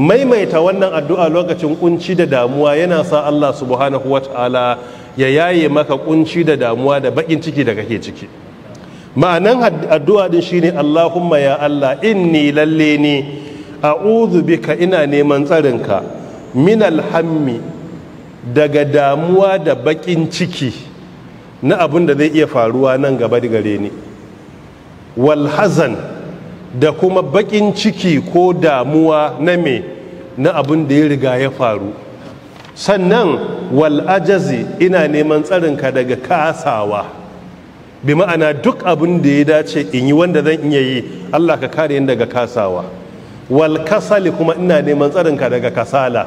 maimaita wannan addu'a lokacin kunci da damuwa yana sa Allah subhanahu Ta'ala ya yaye maka kunci da damuwa da bakin ciki da kake ciki ma'anan addu'a din shine Allahumma ya Allah inni lalle ni a'udhu bika ina neman tsarinka min alhammi daga damuwa da bakin ciki na abin da zai iya faruwa nan gaba da gare ni wal da kuma bakin ciki ko damuwa na mai na abin da ya riga ya faru sannan wal ajazi ina neman tsarin ka daga kasawa bi ma'ana duk abin da ya dace in yi wanda zan iya yi Allah ka kare ni daga kasawa wal kasali kuma ina neman tsarinka daga kasala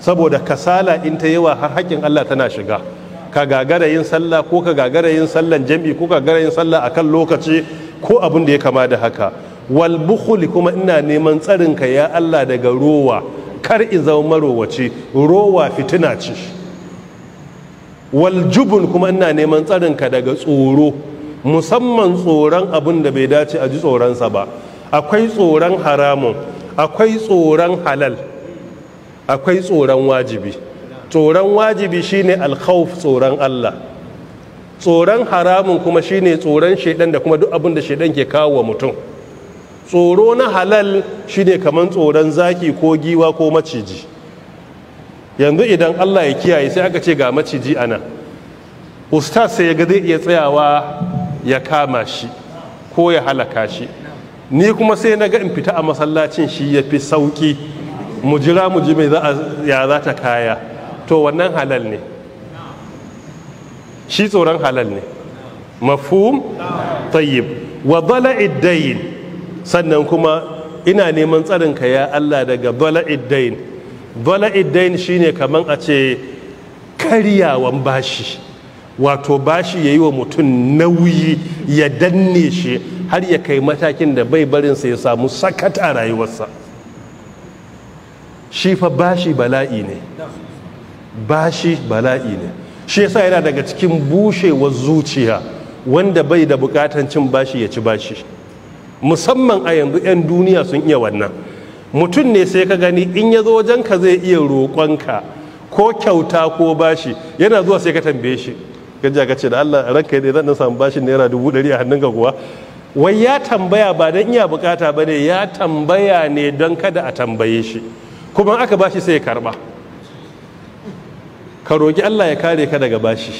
saboda kasala in ta yawa har haƙƙin Allah tana shiga ka gagara yin sallah ko ka gagara yin sallan jam'i ko ka gagara yin sallah akan lokaci ko abin da ya kama da haka wal bukhli kuma ina neman tsarinka ya Allah daga rowa kar in zama marowaci rowa fitina ce waljubun kuma ina neman tsarinka daga tsoro musamman tsoron abin da bai dace a ji tsoronsa ba akwai tsoron haramun akwai tsoron halal akwai tsoron wajibi tsoron wajibi shine alkhawf tsoron Allah tsoron haramun kuma shine tsoron shedan da kuma duk abin da shedan ke kawo wa mutum tsoro na halal shine kamar tsoron zaki ko giwa ko maciji yanzu idan allah ya kiyaye sai aka ce ga maciji ana. usta sai ya ga zai iya tsayawa ya kama shi ko ya halaka shi ni kuma sai na ga in fita a masallacin shi ya fi sauki mu jira mu ji mai ya za ta kaya to wannan halal ne shi tsoron halal ne mafhum tayyib wa dala iddayin sannan kuma ina neman tsarinka ya Allah daga bala'iddain bala'iddain ne kaman a ce karyawan bashi wato bashi ya yi wa mutum nauyi ya danne shi har ya kai matakin da bai barinsa ya samu sakata rayuwarsa shi fa bashi bala'i ne bashi bala'i ne shi yasa yana daga cikin bushewar zuciya wanda bai da bukatan cin bashi ya ci bashi musamman a yanzu 'yan duniya sun iya wannan mutum ne sai ka gani in ya zo wajen ka zai iya roƙonka ko kyauta ko bashi yana zuwa sai ka tambaye shi gajiya ka ce da Allah ranka dai zan samu bashin naira dubu ɗari a hannunka kuwa wai ya tambaya ba don iya bukata ba ne ya tambaya ne don kada a tambaye shi kuma aka bashi sai ya karba ka roƙi Allah ya kare ka daga bashi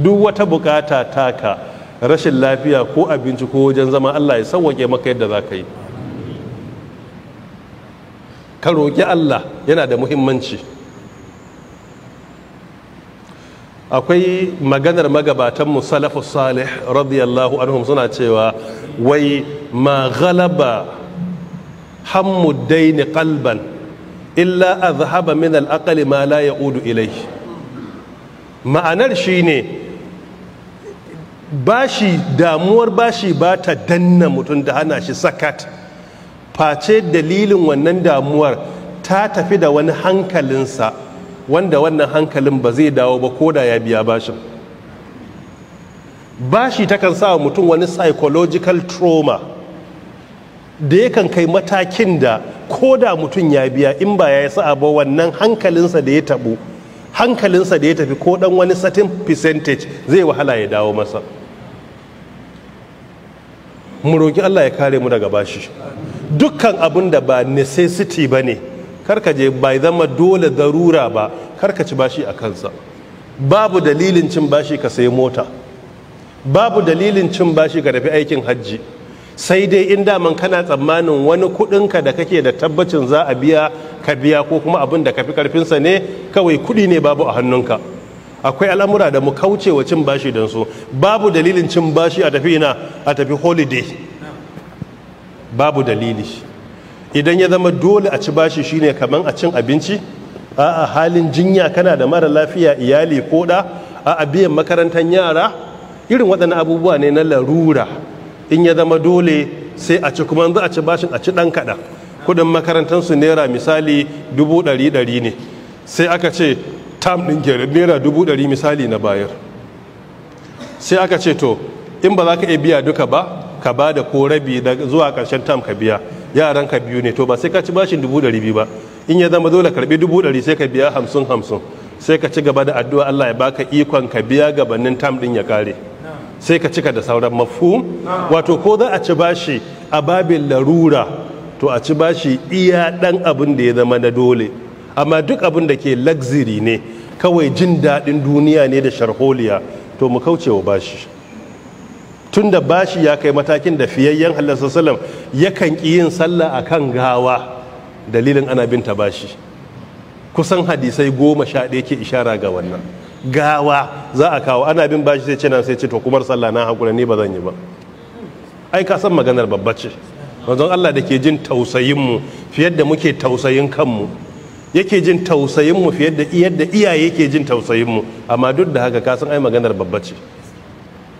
duk wata bukata taka rashin lafiya ko abinci ko wajen zama Allah ya sauwake maka yadda za ka yi ka roƙi Allah yana da muhimmanci akwai maganar magabatan salafu salih radiyallahu anhum suna cewa wai ma galaba hammudaini kalban illa azhaba min al'aqali ma la udu ilai ma'anar shine ne bashi damuwar bashi ba ta danna mutum da hana shi sakat face dalilin wannan damuwar ta tafi da wani hankalinsa wanda wannan hankalin ba zai dawo ba ko da ya biya bashin bashi takan sa mutum wani psychological trauma da yakan kai matakin da ko da mutum ya biya in ba ya yi sa'a ba wannan hankalinsa da ya taɓo hankalinsa da ya tafi ko dan wani satin percentage zai wahala ya dawo masa mu roƙi Allah ya kare mu daga bashi dukkan abin da ba necessity ba ne karka je bai zama dole darura ba karka ci bashi a kansa babu dalilin cin bashi ka sayi mota babu dalilin cin bashi ka tafi aikin hajji sai dai in daman kana tsammanin wani kuɗinka da kake da tabbacin za a biya ka biya ko kuma abin da kafi fi karfinsa ne kawai kuɗi ne babu a hannunka akwai al'amura da mu kauce wa cin bashi don su babu dalilin cin bashi a tafi ina a tafi holiday babu dalili idan ya zama dole a ci bashi shine kaman a cin abinci a halin jinya kana da mara lafiya iyali ko da a biyan makarantar yara irin waɗannan abubuwa ne na larura in ya zama dole sai a ci kuma za a ci bashin a ci ɗan kaɗan kudin makarantarsu naira misali dubu ɗari ɗari ne sai aka ce tam ɗin kenan naira dubu ɗari misali na bayar sai aka ce to in ba za ka iya biya duka ba ka ba da ko rabi zuwa ƙarshen tam ka biya yaran ka biyu ne to ba sai ka ci bashin dubu ɗari biyu ba in ya zama dole karɓi dubu ɗari sai ka biya hamsin hamsin sai ka ci gaba da addu'a Allah ya baka ikon ka biya gabanin tam ɗin ya kare sai ka cika da sauran mafhum wato ko za a ci bashi a babin larura to a ci bashi iya dan abin da ya zama na dole amma duk abin da ke luxury ne kawai jin daɗin duniya ne da sharholiya to mu kauce wa bashi tun da bashi ya kai matakin da fiyayyen halarsa salam yakan ƙi yin sallah a kan gawa dalilin ana binta bashi kusan hadisai goma sha ɗaya ke ishara ga wannan gawa za a kawo ana bin bashi sai ce na sai ce to kumar sallah na hakura ni ba zan yi ba ai ka san maganar babba ce wajen Allah da ke jin tausayin mu fiye da muke tausayin kanmu yake jin tausayin mu fiye da yadda iyaye yake jin tausayin mu amma duk da haka ka san ai maganar babba ce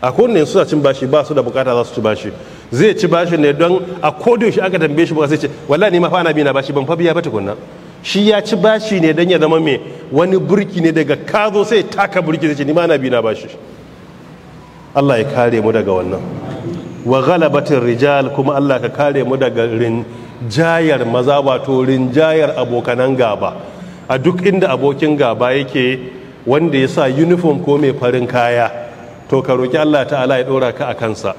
a kowanne suna cin bashi ba su da bukata za su ci bashi zai ci bashi ne don a shi aka tambaye shi ba sai ce wallahi ni ma fa na bi na bashi ban fa biya ba tukunna shi ya ci bashi ne don ya zama mai wani burki ne daga kazo sai taka burki zai ce ni ma na bashi Allah ya kare mu daga wannan wa galabatin rijal kuma Allah ka kare mu daga rinjayar maza wato rinjayar abokanan gaba a duk inda abokin gaba yake wanda ya sa uniform ko mai farin kaya to ka roki Allah ta'ala ya dora ka a kansa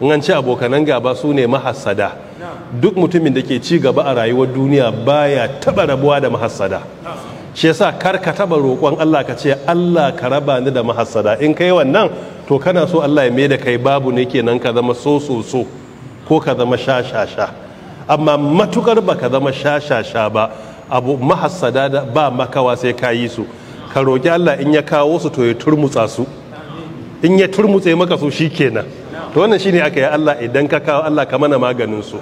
in an ce abokanan gaba su ne mahassada duk mutumin da ke ci gaba a rayuwar duniya baya taba rabuwa da mahassada shi yasa kar ka taba roƙon Allah ka ce Allah ka raba ni da mahassada in kai wannan to kana so Allah ya mai da kai babu ne kenan ka zama so so so ko ka zama sha sha sha amma matukar ba ka zama sha sha sha ba abu mahassada da ba makawa sai ka yi su ka roƙi Allah in ya kawo su to ya turmutsa su in ya turmutse maka su kenan. to wannan shine aka yi Allah idan ka kawo Allah ka mana maganin su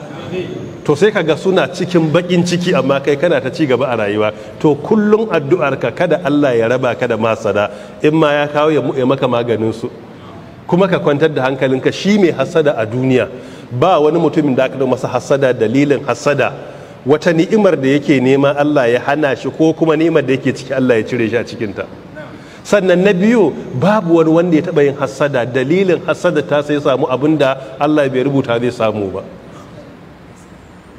to sai ka ga suna cikin bakin ciki amma kai kana ta ci gaba a rayuwa to kullum addu'ar ka kada Allah ya raba ka da masada in ma ya kawo ya maka maganin su kuma ka kwantar da hankalinka shi mai hasada a duniya ba wani mutumin da aka da masa hasada dalilin hasada wata ni'imar da yake nema Allah ya hana shi ko kuma ni'imar da yake ciki Allah ya cire shi a cikinta sannan na biyu babu wani wanda ya taba yin hasada, dalilin hasada ta sai samu abin da Allah bai rubuta zai samu ba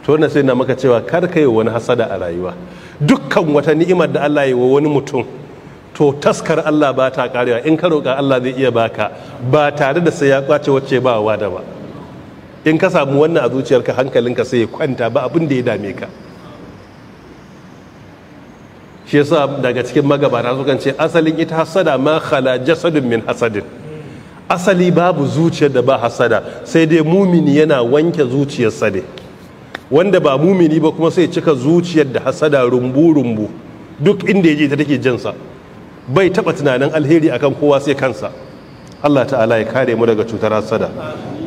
to na sai na maka cewa kar ka yi wani hasada a rayuwa dukkan wata ni'imar da Allah yi wa wani mutum to taskar Allah ba ta karewa in ka roƙa Allah zai iya baka ba tare da sai ya kwace wacce ba wa da ba in ka samu wannan a zuciyarka hankalinka sai ya kwanta ba abin da ya dame ka shi yasa daga cikin magabata su kan ce asalin ita hasada ma khala jasadun min hasadin asali babu zuciyar da ba hasada sai dai mumini yana wanke zuciyarsa ne wanda ba mumini ba kuma sai cika zuciyar da hasada rumbu rumbu duk inda ya je ta take jinsa bai taba tunanin alheri akan kowa sai kansa Allah ta'ala ya kare mu daga cutar hasada